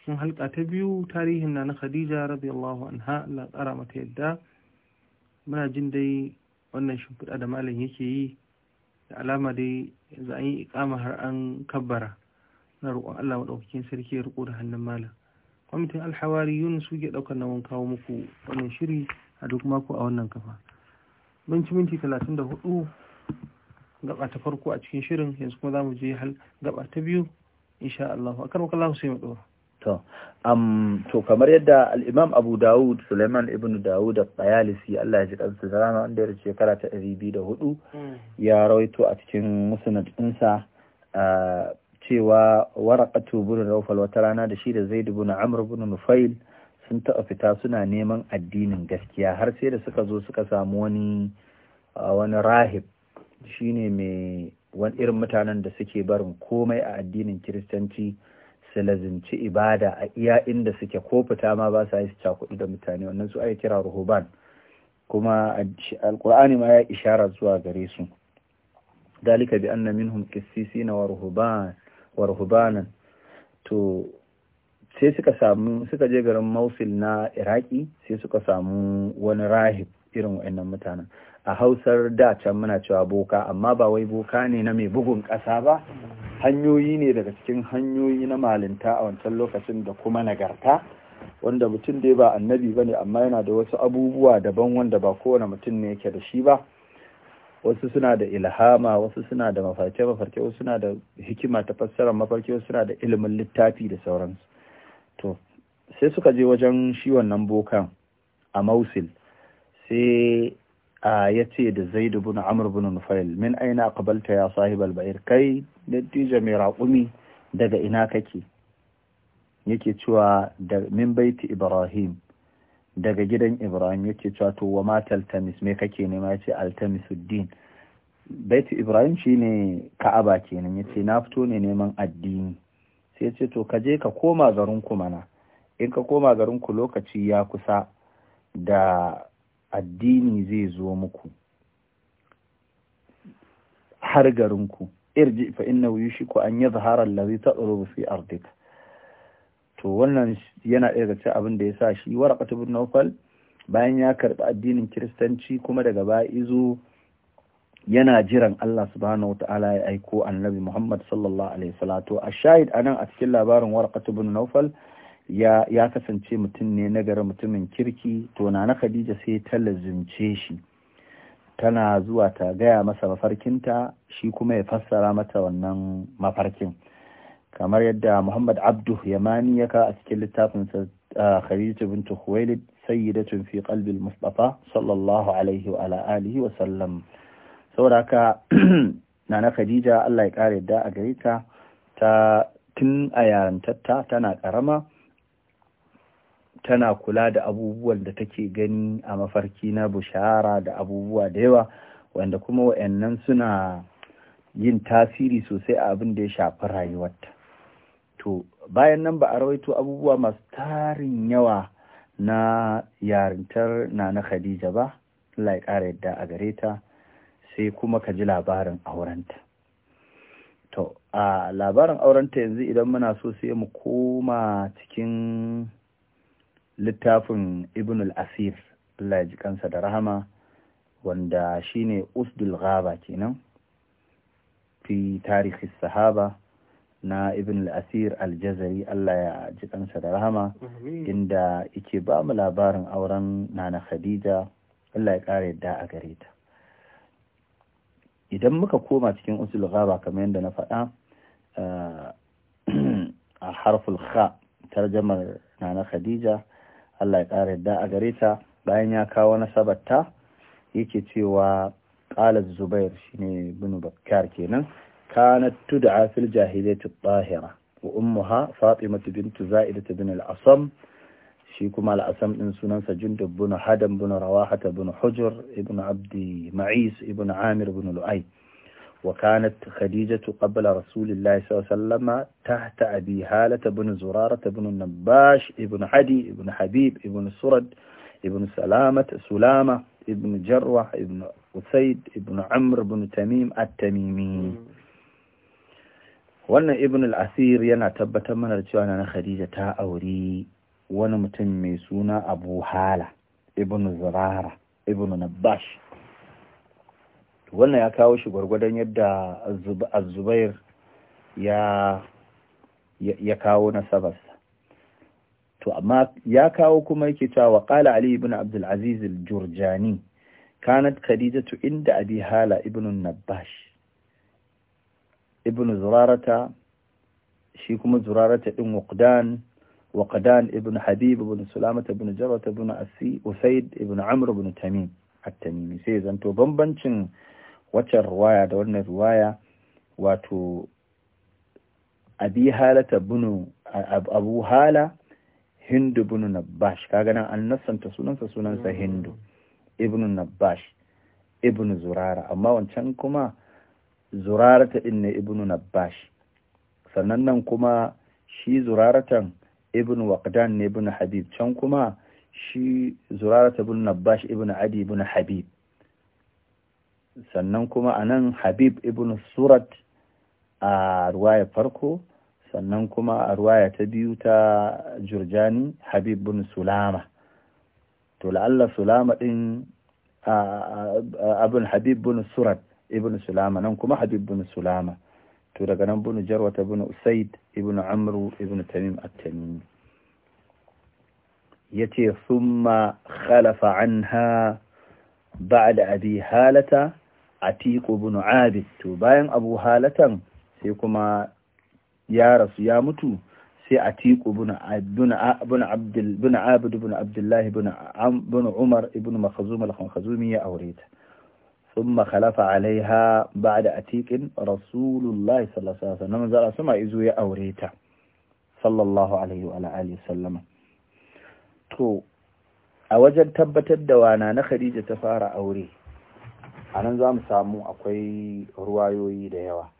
Speaker 1: cikin halka ta biyu tarihin na na khadija radiyallahu anha Allah tsara mata yadda muna jin dai wannan shimfiɗa da malam yake yi da alama dai yanzu an yi ikama har an kabbara na roƙon Allah maɗaukakin sarki ya riƙo da hannun malam kwamitin alhawari yun su ke ɗaukar nawan kawo muku wannan shiri a duk mako a wannan kafa mun ci minti 34 gaba ta farko a cikin shirin yanzu kuma za mu je hal gaba ta biyu insha Allah a karmaka Allah sai mu dora
Speaker 2: to am to kamar yadda al Abu Dawud Sulaiman ibn Dawud al-Bayalisi Allah ya ji kansa da rana wanda ya race shekara ta hudu hmm. ya rawaito a cikin musnad insa cewa waraqatu bin Rawfal wata rana da shi da Zaid ibn Amr ibn Nufail sun taɓa fita suna neman addinin gaskiya har sai da suka zo suka samu wani wani rahib shine mai wani irin mutanen da suke barin komai a addinin kiristanci su lazinci ibada a iya inda suke ko fita ma ba sa yi su cakuɗi da mutane wannan su aiki kira ruhuban kuma alkur'ani ma ya ishara zuwa gare su dalika bi anna minhum qissisina wa ruhuban to sai suka samu suka je garin Mosul na Iraki sai suka samu wani rahib irin wa'annan mutanen a hausar da can muna cewa boka amma ba wai boka ne na mai bugun ƙasa ba hanyoyi ne daga cikin hanyoyi na malinta a wancan lokacin da kuma nagarta wanda mutum dai ba annabi ba ne amma yana da wasu abubuwa daban wanda ba kowane mutum ne yake da shi ba wasu suna da ilhama wasu suna da mafarke mafarke wasu suna da hikima ta fassara mafarke wasu suna da ilimin littafi da sauransu sai suka je wajen shi wannan bokan a mausil sai a ya ce da zaid bin amr bin nufail min aina kabalta ya sahib al-ba'ir da dattijo mai raƙumi daga ina kake yake cewa da min baiti ibrahim daga gidan ibrahim yake cewa to wa matal tamis me kake nema yace altamisuddin baiti ibrahim shi ne ka'aba kenan yace na fito ne neman addini sai yace to ka je ka koma garin ku mana in ka koma garinku lokaci ya kusa da addini zai zo muku har garinku irji fa inna yushiku an yadhhara allazi tadrubu fi ardika to wannan yana ɗaya daga abin da ya sa shi warqat ibn nawfal bayan ya karɓi addinin kiristanci kuma daga baya izo yana jiran Allah subhanahu wata'ala ya aiko annabi Muhammad sallallahu alaihi salatu a shahid anan a cikin labarin warqat ibn nawfal ya ya kasance mutum ne na gari mutumin kirki to na khadija sai ta lazimce shi tana zuwa ta gaya masa mafarkinta shi kuma ya fassara mata wannan mafarkin kamar yadda muhammad abdu yamani ya ka a cikin sa khadija bintu khuwailid sayyidatun fi al mustafa sallallahu alaihi wa ala alihi wa sallam saboda haka nana khadija Allah ya kare da a gare ta ta tun a yarantarta tana karama tana kula da abubuwan da take gani a mafarki na bushara da abubuwa da yawa wanda kuma wa'annan suna yin tasiri sosai a abin da ya shafi rayuwarta to bayan nan ba a rawaito abubuwa masu tarin yawa na yarintar na na khadija ba Allah ya ƙara yadda a gare ta sai kuma ka ji labarin aurenta to a labarin aurenta yanzu idan muna so sai mu koma cikin littafin ibn al-asir Allah ya ji kansa da rahama wanda shi ne usdul ghaba kenan fi tarihi sahaba na ibn al-asir al-jazari Allah ya ji kansa da rahama inda yake ba mu labarin auren nana khadija Allah ya kare yadda a gare ta idan muka koma cikin Usdul ghaba kamar yadda na faɗa eh, a harful kha tarjamar nana khadija Allah ya ƙara yadda a gare ta bayan ya kawo nasabarta yake cewa qala zubair shine ibn bakkar kenan kanat tud'a fil jahiliyyati tahira wa ummuha fatima bint za'idah bin al-asam shi kuma al ɗin din sunansa jundub bin hadam bin rawahata bin hujur ibn abdi ma'is ibn amir bin lu'ay وكانت خديجة قبل رسول الله صلى الله عليه وسلم تحت أبي هالة بن زرارة بن النباش ابن عدي ابن حبيب ابن سرد ابن سلامة سلامة ابن جروح ابن أسيد ابن عمرو بن تميم التميمي وانا ابن العسير asir yana من mana خديجة تا أوري وانا ta أبو هالة mutum زرارة suna نباش wannan ya kawo shi gwargwadon yadda azubair ya ya kawo nasabarsa to amma ya kawo kuma yake cewa wa qala ali ibn abdul aziz al-jurjani kanat khadijatu inda abi hala ibn nabash ibn zurarata shi kuma zurarata din waqdan وقدان ابن حبيب بن سلامة بن جرة بن أسي أسيد ابن عمرو بن تميم التميمي سيزن تو بمبنشن waccan ruwaya da wannan ruwaya wato abi halata bunu abu hala hindu bunu nabash kaga nan an nasanta sunansa sunansa hmm. hindu ibnu nabash ibnu zurara amma wancan kuma zurarata din ne ibnu nabash sannan nan kuma shi zuraratan ibnu waqdan ne ibnu habib can kuma shi zurarata ibnu nabash ibnu adi ibnu habib sannan kuma a nan habib ibn surat a ruwaya farko sannan kuma a ruwaya ta biyu ta jurjani habib ibn sulama to la'alla sulama din abin habib ibn surat ibn sulama nan kuma habib ibn sulama to daga nan bin jarwata bin usaid ibn amru ibn tamim at-tamimi yace thumma khalafa anha ba'da abi halata atiku bin abid to bayan abu halatan sai kuma ya rasu ya mutu sai atiku ibn ibn ibn abd bin abid ibn abdullah bin ibn umar ibn makhzum al-khankhazumi ya aureta ثم خلف عليها بعد أتيك رسول الله صلى الله عليه وسلم من ذلك سمع إذو يأوريتا صلى الله عليه وعلى آله وسلم تو أوجد تبت الدوانا نخديجة a nan za mu samu akwai ruwayoyi da yawa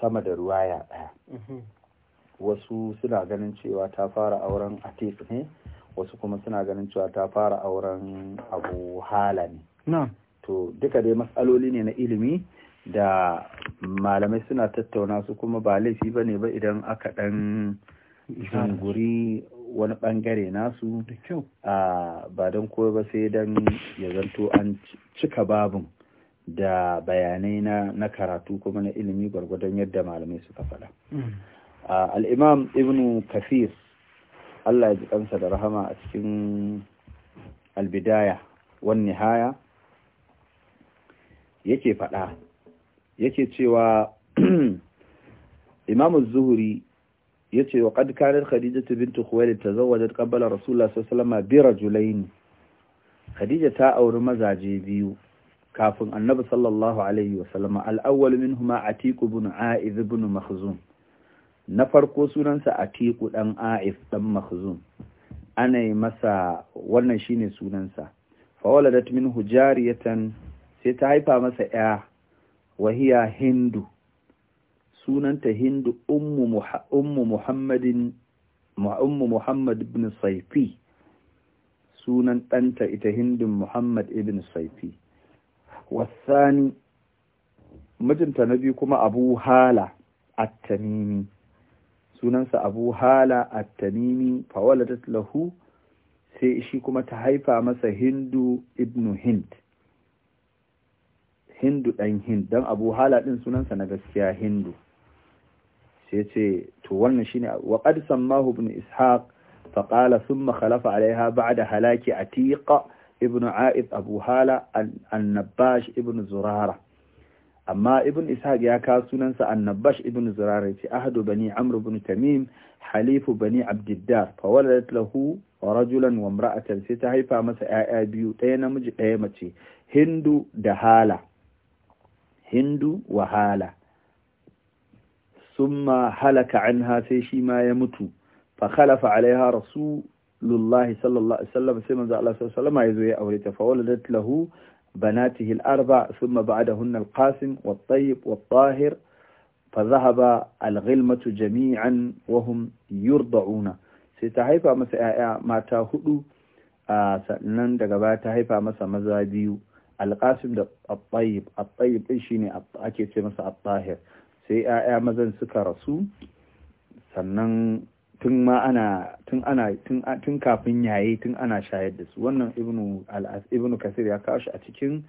Speaker 2: sama da ruwa ya ɗaya mhm. wasu suna ganin cewa ta fara auren teku ne wasu kuma suna ganin cewa ta fara auren abu hala ne to duka dai matsaloli ne na ilimi da malamai suna tattauna su kuma ba laifi ba ne ba idan aka ɗan guri wani ɓangare nasu ah, ba don kowa ba sai don ya zanto an cika babin da bayanai na na karatu kuma na ilimi gwargwadon yadda malamai suka faɗa mm. al'imam ibn kafir Allah ya ji kansa da rahama a cikin albidaya wani haya yake faɗa yake cewa Imam zuhuri ya ce wa ƙad kanar khadijatu bintu khuwailid ta zawajar ƙabbalar rasulullah sallallahu biyar julaini khadija ta auri mazaje biyu kafin annabi sallallahu alaihi wasallam al'awwal minhuma atiq ibn a'iz ibn makhzum na farko sunansa atiq dan a'iz dan makhzum ana yi masa wannan shine sunansa fa waladat minhu jariyatan sai ta haifa masa ya wahiya hindu sunanta hindu ummu ummu muhammadin ummu muhammad ibn saifi sunan danta ita hindun muhammad ibn saifi wasani mijinta na biyu kuma abu hala at-tamimi sunansa abu hala at-tamimi fawaladat lahu sai shi kuma ta haifa masa hindu ibnu hind hindu ɗan hind don abu hala ɗin sunansa na gaskiya hindu sai ce to wannan shine wa qad sammahu ibn ishaq fa qala thumma khalafa alaiha da halaki atiqa ibn a'id abu hala annabash ibn zurara amma ibn ishaq ya kawo sunansa annabash ibn zurara ce ahadu bani amru ibn tamim halifu bani abdiddar fa waladat lahu rajulan wa imra'atan sai ta haifa masa 'ya'ya biyu ɗaya namiji ɗaya mace hindu da hala hindu wa hala summa halaka anha sai shi ma ya mutu fa khalafa alaiha rasu. rasulullahi sallallahu alaihi al sai manzo Allah sallallahu alaihi wasallam ya zo ya aure ta fa waladat lahu بناته الأربع ثم بعدهن القاسم والطيب والطاهر فذهب الغلمة جميعا وهم يرضعون سيتحيفا مسا ما تاهدو sannan daga baya ta haifa masa maza biyu alƙasim da attayib attayib ɗin shine ake ce masa attahir sai 'ya'ya mazan suka rasu sannan tun ma ana tun ana tun kafin yaye tun ana shayar da su wannan ibnu ibnu kasir ya kawo shi a cikin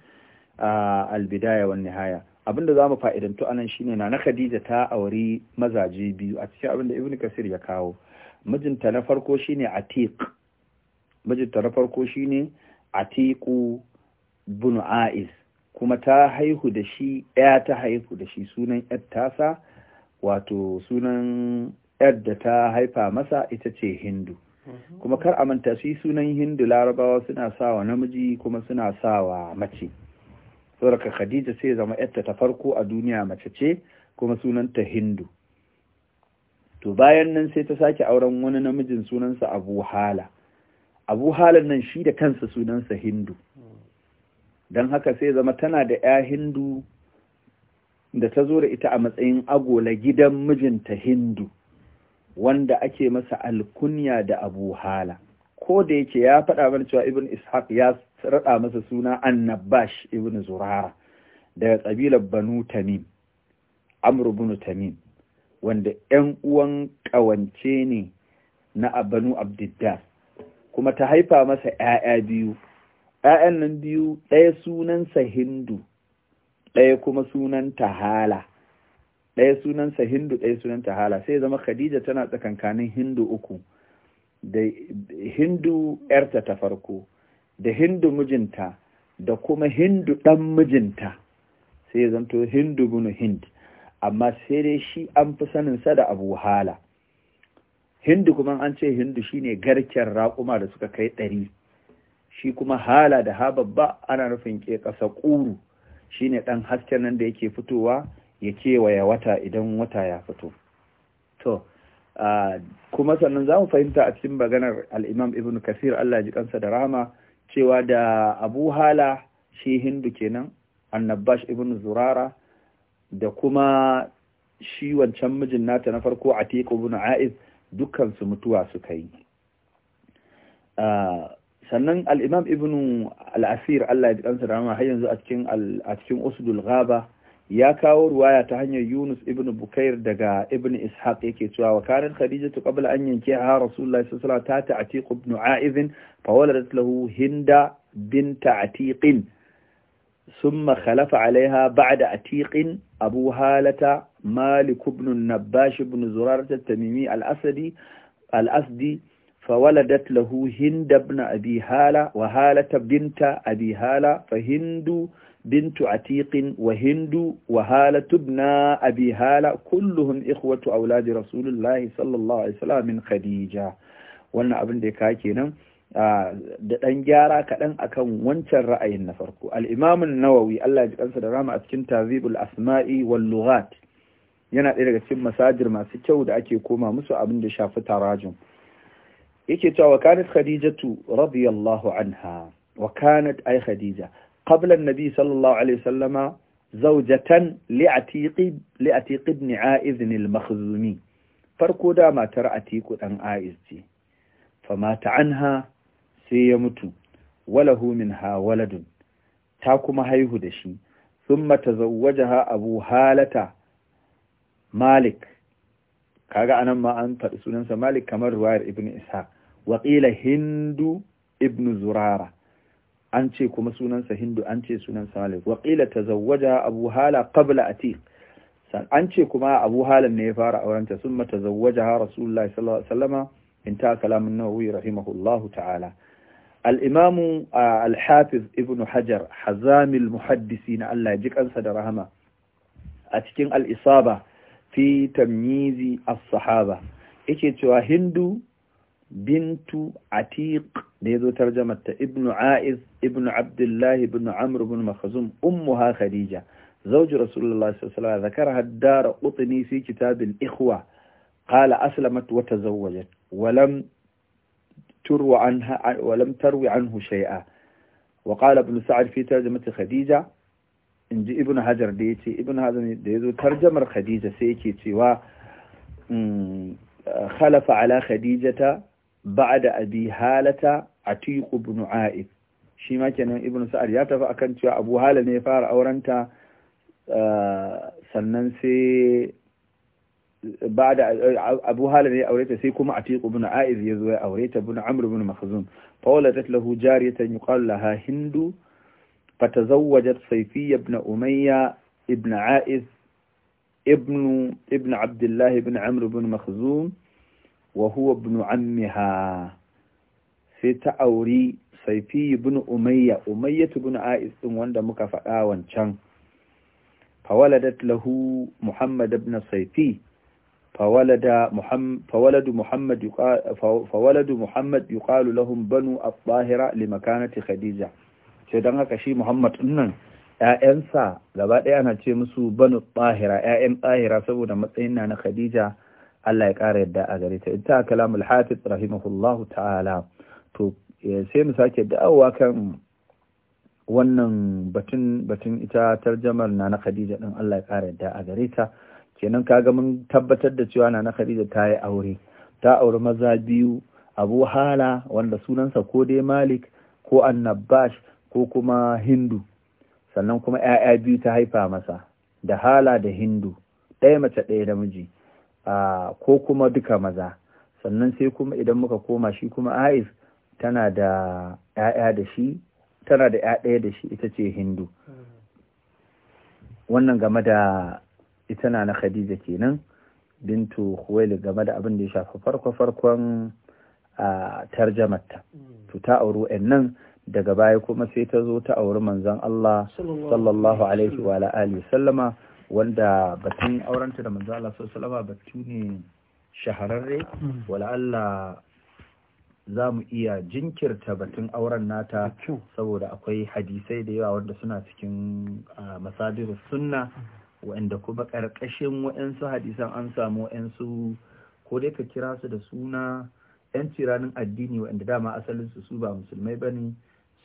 Speaker 2: albidaya wan nihaya abinda zamu fa'idantu anan shine na na khadija ta auri mazaje biyu a cikin abinda ibnu kasir ya kawo mijinta na farko shine atiq mijinta na farko shine atiqu bin a'is kuma ta haihu da shi ɗaya ta haihu da shi sunan wato sunan yar da ta haifa masa ita ce hindu mm-hmm. kuma kar a manta shi sunan hindu larabawa suna sawa namiji kuma suna sawa mace saboda khadija sai zama yarta ta farko a duniya mace ce kuma sunanta hindu to bayan nan sai ta sake auren wani namijin sunansa abu hala abu nan shi da kansa sunansa hindu mm-hmm. don haka sai zama tana da ya hindu da ta zo da ita a matsayin agola gidan mijinta hindu wanda ake masa alkunya da abu hala ko da yake ya faɗa mana cewa ibn ishaq ya raɗa masa suna annabash ibn zurara daga ƙabilar banu tamim amru bin tamim wanda ‘yan uwan ƙawance ne na banu abdiddar kuma ta haifa masa ‘ya'ya biyu ‘ya'yan nan biyu ɗaya sunansa hindu ɗaya kuma sunanta hala ɗaya sunansa hindu ɗaya sunanta hala sai zama khadija tana tsakankanin hindu uku da hindu yarta ta farko da hindu mijinta da kuma hindu ɗan mijinta sai zanto hindu bunu hind amma sai dai shi an fi saninsa da abu hala hindu kuma an ce hindu shine garken raƙuma da suka kai ɗari shi kuma hala da ha babba ana nufin ke ƙasa ƙuru shine ɗan hasken nan da yake fitowa ya kewaya wata idan wata ya fito to kuma sannan za mu fahimta a cikin maganar al'imam ibn kasir Allah ji kansa da rama cewa da abu hala shi hindu kenan annabash ibn zurara da kuma shi wancan mijin nata na farko a teku ibn a'iz dukkansu mutuwa suka yi sannan al'imam ibn al'asir Allah ji kansa da rama har yanzu a cikin usdul ghaba ya kawo ruwaya ta hanyar Yunus ibnu Bukair daga ibnu Ishaq yake cewa wa kanat Khadija tu qabla an yanki ha Rasulullah sallallahu alaihi wasallam ta Atiq ibn Aiz fa waladat lahu Hinda bint Atiq thumma khalafa alaiha ba'da Atiq Abu Halata Malik ibn Nabash ibn Zurar at-Tamimi al-Asadi al-Asdi fa waladat lahu Hinda ibn Abi Hala wa Halata bint Abi Hala fa Hindu بنت عتيق وهند وهالة ابن أبي هالة كلهم إخوة أولاد رسول الله صلى الله عليه وسلم من خديجة wannan abin da ya kake nan da ɗan gyara kaɗan akan wancan ra'ayin na farko al'imamun nawawi Allah ya ji kansa da rama a cikin tazibul asma'i wal lughat yana ɗaya daga cikin masajir masu kyau da ake koma musu abin da shafi tarajum yake cewa kanat khadijatu radiyallahu anha wa kanat ay khadija قبل النبي صلى الله عليه وسلم زوجة لعتيق لعتيق farko da matar Atiku ɗan A'is ce, famata anha sai ya mutu, walahu min ha waladun, ta kuma haihu da shi, sun mata zauwaja ha abu halata Malik, kaga anan ma sunansa Malik kamar ruwayar Ibn Isa, waƙila Hindu ibnu Zurara, an ce kuma sunansa hindu an ce sunansa malik waƙila ta zawaja abu hala a atiq an ce kuma abu halan ne ya fara aurenta sun mata zawaja ha rasulullahi in ta kalamin nawawi rahimahullahu ta'ala al-imamu al ibnu hajar hazamil muhaddisi na Allah ji kansa da rahama a cikin al-isaba fi tamyizi as-sahaba yake cewa hindu بنت عتيق da ترجمة ابن عائز ابن عبد الله بن عمرو بن مخزوم أمها خديجة زوج رسول الله صلى الله عليه وسلم ذكرها الدار قطني في كتاب الإخوة قال أسلمت وتزوجت ولم تروى عنها ولم تروي عنه شيئا وقال ابن سعد في ترجمة خديجة إن ابن هجر ديتي ابن هذا ديزو ترجمة خديجة سيكي سوى خلف على خديجة بعد أبي هالة عتيق بن عائف شما كان ابن سعد يتفع يا أبو هالة نفار أورانتا آه، سننسي بعد أبو هالة أوريت سيكم عتيق بن عائف يزوي أوريت بن عمرو بن مخزوم فولدت له جارية يقال لها هند فتزوجت صيفية بن أمية ابن عائف ابن ابن عبد الله بن عمرو بن مخزوم wa huwa ibn ammiha sai ta auri saifi ibn umayya umayya ibn a'is din wanda muka faɗa wancan fawaladat lahu muhammad ibn saifi fawalada muhammad fawaladu muhammad fawaladu muhammad yuqalu lahum banu at-tahira li makanati khadija sai dan haka shi muhammad dinnan ƴaƴansa gaba ɗaya ana ce musu banu at-tahira ƴaƴan saboda matsayin na na khadija Allah ya ƙara yadda a gare ta ita kalamul hafiz rahimahullahu ta'ala to sai mu sake da'awa kan wannan batun batun ita tarjamar nana Khadija din Allah ya ƙara yadda a gare ta kenan kaga mun tabbatar da cewa na na Khadija ta yi aure ta aure maza biyu Abu Hala wanda sunansa ko dai Malik ko Annabash ko kuma Hindu sannan kuma ‘ya'ya biyu ta haifa masa da Hala da Hindu ɗaya mace ɗaya namiji miji ko kuma duka maza sannan sai kuma idan muka koma shi kuma aiz tana da ƴaƴa da shi tana da da shi ita ce hindu wannan game da ita na na khadija kenan bintu huwaili game da abin da ya shafi farko-farkon a tarjamarta to ta auri nan daga baya kuma sai ta zo ta auri manzon Allah sallallahu alaihi wa alihi sallama wanda batun aurenta da manzo Allah sallallahu batu ne shahararre hmm. wala Allah za mu iya jinkirta batun auren nata saboda akwai hadisai da yawa wanda suna cikin masadir sunna wa'anda kuma ƙarƙashin wa'ansu hadisan an samu wa'ansu ko dai ka kira su da suna 'yan tiranin addini wa'anda dama asalin su su ba musulmai bane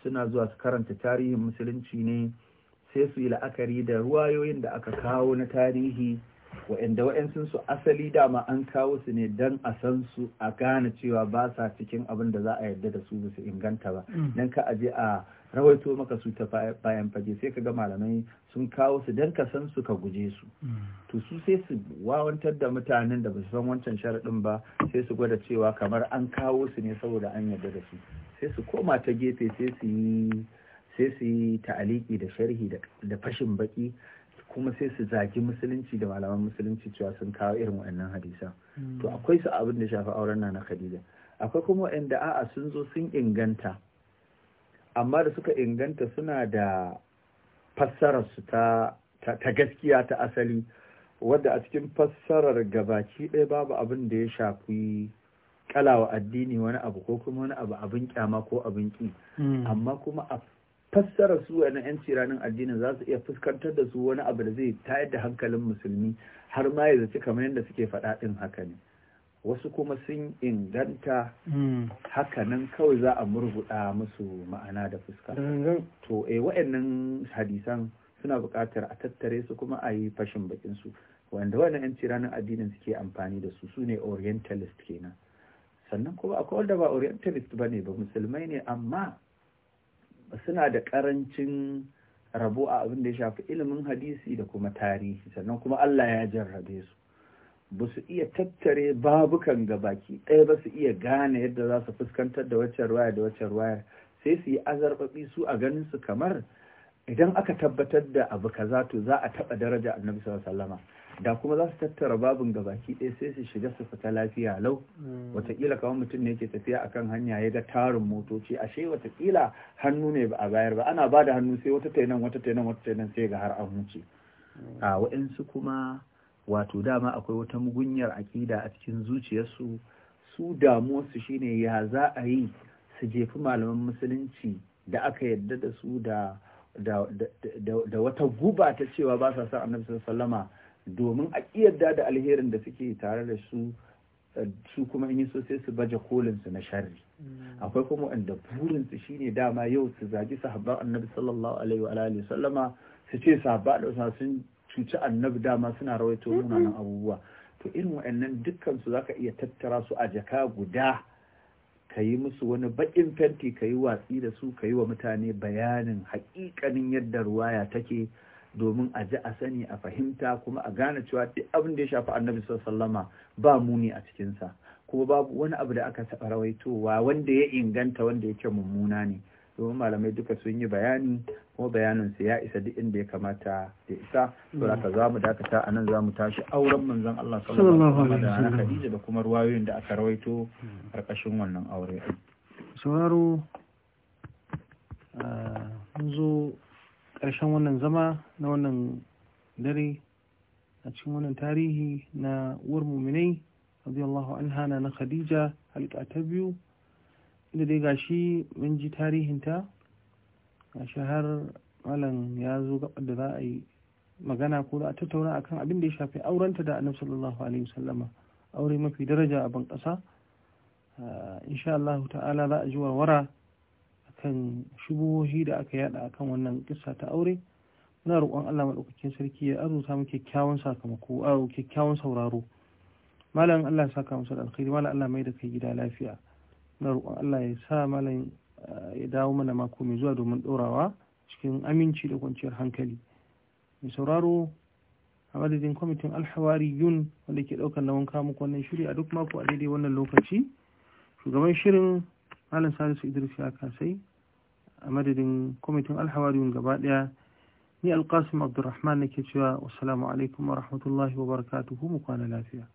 Speaker 2: suna zuwa su karanta tarihin musulunci ne sai su yi la'akari da ruwayoyin da aka kawo na tarihi wa'anda wa'yansun su asali dama an kawo su ne don a san su a gane cewa ba sa cikin abin da za a yarda da su su inganta ba don mm. ka aje a rawaito maka su ta bayan fage sai ka ga malamai sun kawo su don ka san su ka guje su mm. to su sai su wawantar da mutanen da ba su san wancan sharaɗin ba sai su gwada cewa kamar an kawo su ne saboda an yarda da su sai su koma ta gefe sai su yi sai su yi ta'aliki da sharhi da fashin baki kuma sai su zagi musulunci da malaman musulunci cewa sun kawo irin waɗannan hadisan hmm. to akwai su abin da shafi auren na na khadija akwai kuma waɗanda a'a sun zo sun inganta amma da suka inganta suna da su ta ta gaskiya ta asali wadda a cikin fassarar gabaci ɗaya babu abin da ya shafi kalawa addini wani abu ko kuma wani abu abin kyama ko abin ki hmm. amma kuma a fassara su wa yanci ranar addinin za su iya fuskantar da su wani abu da zai tayar da hankalin musulmi har ma ya zaci kamar yadda suke faɗa ɗin haka ne wasu kuma sun inganta hmm. haka nan kawai za a murguɗa musu ma'ana da fuska to eh wa'annan hadisan suna buƙatar a tattare su kuma a yi fashin bakin su wanda wannan yan ranar addinin suke amfani da su sune ne orientalist kenan sannan kuma akwai wanda ba orientalist ba ne ba musulmai ne amma suna da karancin rabo a abin da ya shafi ilimin hadisi da kuma tarihi sannan kuma Allah ya jarrabe su ba su iya tattare babukan ga baki ɗaya ba su iya gane yadda za su fuskantar da waccan waya da waccan waya sai su yi azarbaɓi su a ganin su kamar idan aka tabbatar da abu kaza to za a taɓa daraja annabi sallallahu alaihi da kuma za su tattara babin gabaki ɗaya sai su shiga su fita lafiya lau
Speaker 1: hmm. watakila
Speaker 2: kawai mutum ne ke tafiya akan hanya ya ga tarin motoci ashe watakila hannu ne ba a bayar ba ana ba da hannu sai wata tainan wata tainan wata tainan sai ga har an wuce hmm. a waɗansu kuma wato dama akwai wata mugunyar aƙida a cikin zuciyarsu su damuwarsu shine ya za a yi su jefi malaman musulunci da aka yarda da su da wata guba ta cewa ba sa san annabi sallama domin a ƙiyarda da alherin da suke tare da su eh, su kuma in yi so sai su baje kolinsu na sharri mm. akwai kuma wanda burin su shine dama yau su zagi sahabban annabi sallallahu alaihi wa alihi sallama su ce sahabba da sun cuci annabi dama suna rawaito munanan abubuwa to irin wa'annan dukkan su zaka iya tattara su a jaka guda ka yi musu wani baƙin fenti ka yi watsi da su ka yi wa mutane bayanin haƙiƙanin yadda ruwaya take domin a ji a sani a fahimta kuma a gane cewa duk abin da ya shafi annabi sallama ba muni a cikinsa kuma babu wani abu da aka taɓa rawaitowa wanda ya inganta wanda yake mummuna ne domin malamai duka sun yi bayani kuma su ya isa duk inda ya kamata da isa saboda za mu dakata a nan za mu tashi auren manzon Allah sallallahu alaihi wasallam da Khadija da kuma ruwayoyin da aka rawaito karkashin wannan aure
Speaker 1: sauraro ah, mun zo ƙarshen wannan zama na wannan dare a cikin wannan tarihi na uwar muminai radiyallahu anha na na khadija halitta ta biyu inda dai gashi mun ji tarihinta gashi har malam ya zo gabar da za a yi magana ko za a tattauna akan abin da ya shafi aurenta da annabi sallallahu alaihi wasallama aure mafi daraja a ban ƙasa ah, insha Allah ta'ala za a ji warwara kan shubuhohi da aka yada kan wannan kissa ta aure muna roƙon Allah madaukakin sarki ya arzuta mu kyakkyawan sakamako a kyakkyawan sauraro malam Allah ya saka musu da alkhairi malam Allah mai da kai gida lafiya muna roƙon Allah ya sa malam ya dawo mana mako mai zuwa domin ɗorawa cikin aminci da kwanciyar hankali mai sauraro a madadin kwamitin alhawari yun wanda ke ɗaukar na wanka muku wannan shiri a duk mako a daidai wannan lokaci shugaban shirin malam salisu idris ya kasai a madadin kwamitin alhawariyun gaba daya ni alkasim abdulrahman nake cewa wassalamu alaikum wa rahmatullahi wa barakatuhu mu kwana lafiya